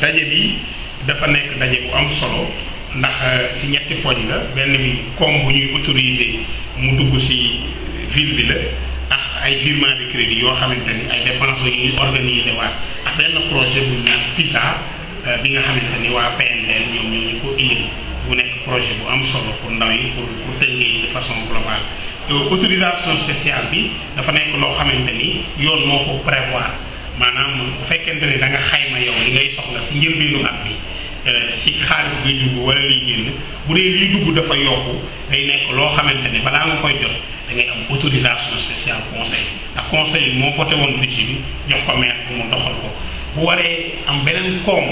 daje bi dafa nekk daje bu am solo ndax si euh, ñetti poñ la benn bi comme bu ñuy autorisé mu dugg si ville bi la ak ay virement de crédit yoo xamante ni ay dépenses yu ñuy organisé waat ak benn projet bu ñu PISA euh, bi nga xamante ni waa PNDL ñoom ñoo ñu ko indil bu nekk projet bu am solo pour ndaw yi pour pour tënkee de façon globale euh, autorisation spéciale bi dafa nekk loo xamante ni yoon moo ko prévoir. maanaam bu fekkente ni da nga xayma yow li ngay soxla si njëlbeenu at bi euh, si xaalis bi dugg wala liy génn bu dee liy dugg dafa yokku day nekk loo xamante ne balaa nga koy jot dangay am autorisation spéciale conseil ndax conseil bi moo voté woon budget bi jox ko maire bu mu doxal ko bu waree am beneen koom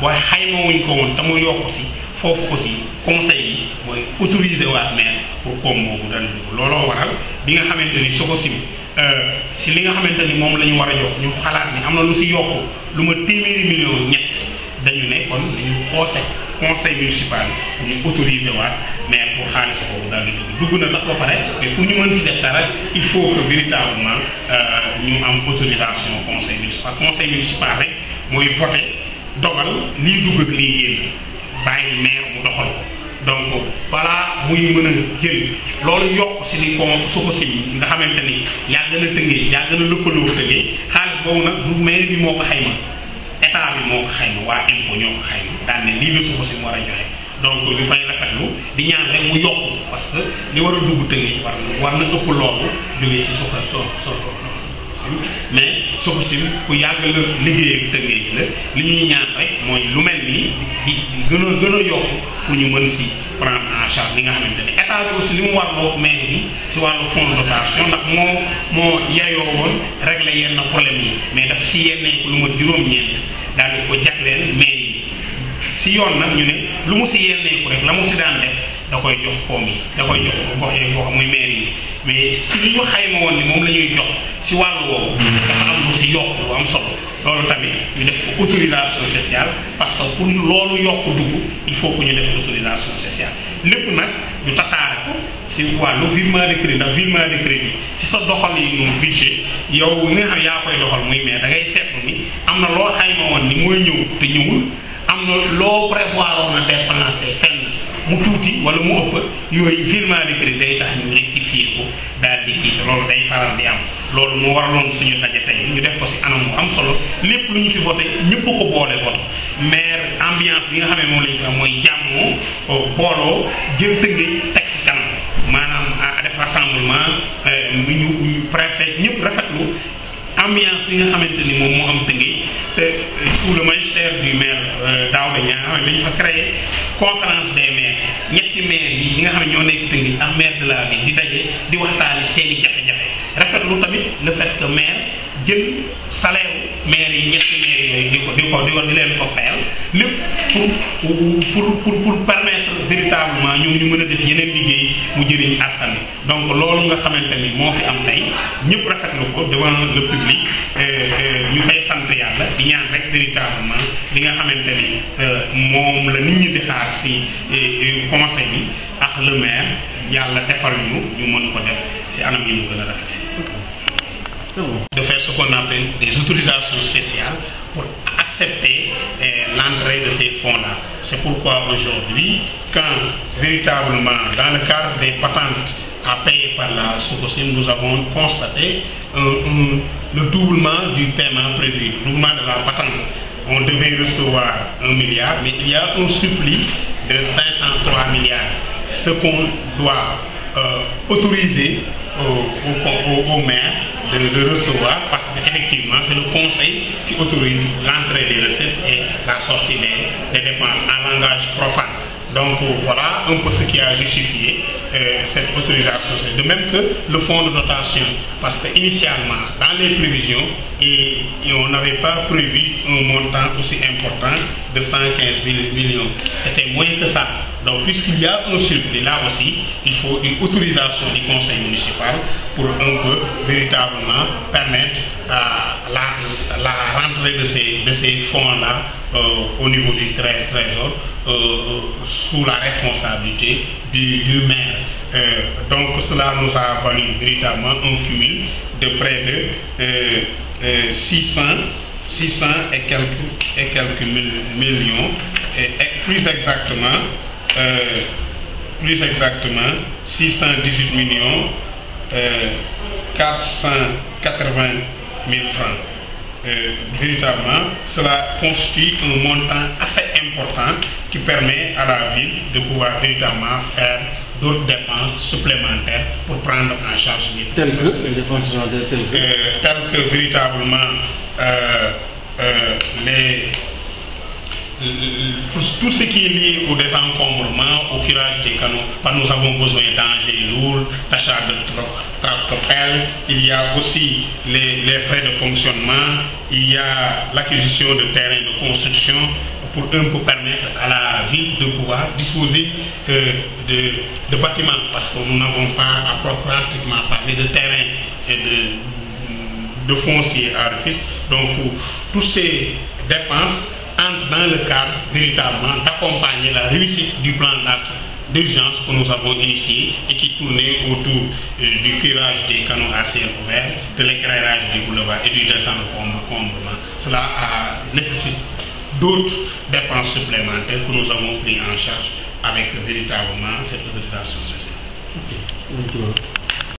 booy xayma wuñ ko woon te mu yokku si foofu aussi conseil bi mooy autorisé waa maire pour koom boobu dal dugg looloo waral bi nga xamante ni Sococim Euh, si li nga xamante ni moom la ñu war a jox ñu xalaat ni am na lu si yokk lu ma téeméeri million ñett dañu ne kon dañu xoote conseil municipal ñu autorisé waat mais pour xaalis boobu daal di dugg dugg na tax ba pare mais pour ñu mën si def dara il faut que véritablement euh, ñu am autorisation conseil municipal conseil municipal rek mooy voté dogal lii dugg ak lii yéen bàyyi maire mu doxal ko donc bu ñu mën a jël loolu yokk si ni compte su ko siñ nga xamante ni yaa gën a tëngee yaa gën a lëkkaloo tëngee xaalis boobu nag du maire bi moo ko xayma état bi moo ko xayma waa impôt ñoo ko xayma daan lii la su ko war a joxe donc ñu bay rafetlu di ñaan rek mu yokk parce que li war a dugg tëngee war na ëpp loolu jógee si suufa so so mais su possible ku yàgg la liggéey ak tëggee la li ñuy ñaan rek mooy lu mel nii di gën a gën a pour ñu mën si prendre en li nga xam ne li mu warloo maire bi si wàllu fonds de dotation ndax moo moo yayoo woon régler yenn mais daf si yenneeku lu ma juróom-ñeent daal ko jagleel maire yi si yoon nag ñu ne lu ma si yenneeku rek la mu si daan def da koy jox koom yi da koy jox gox yeeg gox muy maire yi mais si li xayma woon ni moom la ñuy jox si wàllu woowu mm-hmm. dafa am lu si yokk lu am solo loolu tamit ñu def ko autorisation spéciale parce que pour loolu yokk dugg il faut que ñu def autorisation spéciale lépp nag ñu tasaare ko si wàllu virement de crédit ndax sa doxal yi moom budget yow mi nga xam yaa koy doxal muy mais da ngay ni am na loo xayma woon ni mooy ñëw te ñëwul am na loo prévoir woon na dépensé mu tuuti wala mu ëpp yooyu virement de crédit day tax ñu rectifier ko daal kii te loolu day loolu moo waraloon suñu daje tey ñu def ko si anam mu am solo lépp lu ñu fi voté ñëpp ko boolee vote mais ambiance bi nga xam ne moom lañ ko am mooy jàmmoo booloo jëm tëngee teg si kanam maanaam def euh, ñu ñu préfet ñëpp rafetlu ambiance nga xam ni moom moo am tëngee te euh, sous le euh, dañ fa créé conférence des maires ñetti maires yi nga xam ñoo nekk tëngee ak maire de la di daje di waxtaani seeni jafe-jafe rafetlu tamit le fait que maire jël salaire maire yi ñetti maire yooyu di ko di ko di ko di leen ko fayal lépp pour pour pour pour permettre véritablement ñoom ñu mën a def yeneen liggéey mu jëriñ askan donc loolu nga xamante ni moo fi am tey ñëpp rafetlu ko devant le public ñu koy sant yàlla di ñaan rek véritablement li nga xamante ni euh, moom la nit ñi di xaar si conseil bi ak le maire. Il y ñu la def de faire ce qu'on appelle des autorisations spéciales pour accepter eh, l'entrée de ces fonds-là. C'est pourquoi aujourd'hui, quand véritablement dans le cadre des patentes à payer par la SOCOSIM, nous avons constaté le doublement du paiement prévu, le doublement de la patente. On devait recevoir un milliard, mais il y a un suppli de 503 milliards ce qu'on doit euh, autoriser aux, maires de, le recevoir, parce qu'effectivement, c'est le conseil qui autorise l'entrée des recettes et la sortie des, des dépenses en langage profane. Donc voilà un peu ce qui a justifié euh, cette autorisation. De même que le fonds de notation, parce qu'initialement, dans les prévisions, et, on n'avait pas prévu un montant aussi important de 115 millions. C'était moins que ça. Donc puisqu'il y a un surplus là aussi, il faut une autorisation du conseil municipal pour un peu véritablement permettre la, rentrée de ces, fonds-là euh, au niveau du trésor sous la responsabilité du, maire. Euh, donc cela nous a valu véritablement un cumul de près de 600, euh, 600 euh, et quelques, et quelques millions, et, et plus exactement, plus exactement 618 millions 480 000 francs. Euh, véritablement, cela constitue un montant assez important qui permet à la ville de pouvoir véritablement faire d'autres dépenses supplémentaires pour prendre en charge les dépenses que, euh, telles que véritablement euh, les euh, euh, tout ce qui est lié au désencombrement, au curage des canaux, nous avons besoin d'engins lourds, de tractopelles, il y a aussi les, frais de fonctionnement, il y a l'acquisition de terrains de construction, pour permettre à la ville de pouvoir disposer euh, de, bâtiments, parce que nous n'avons pas à proprement parler de terrain et de, de foncier à l'office. Donc, toutes ces dépenses entre dans le cadre véritablement d'accompagner la réussite du plan d'action d'urgence que nous avons initié et qui tournait autour euh, du curage des canaux à ciel ouvert, de l'éclairage des boulevards et du désencombrement. Cela a nécessité d'autres dépenses supplémentaires que nous avons pris en charge avec véritablement cette autorisation sociale.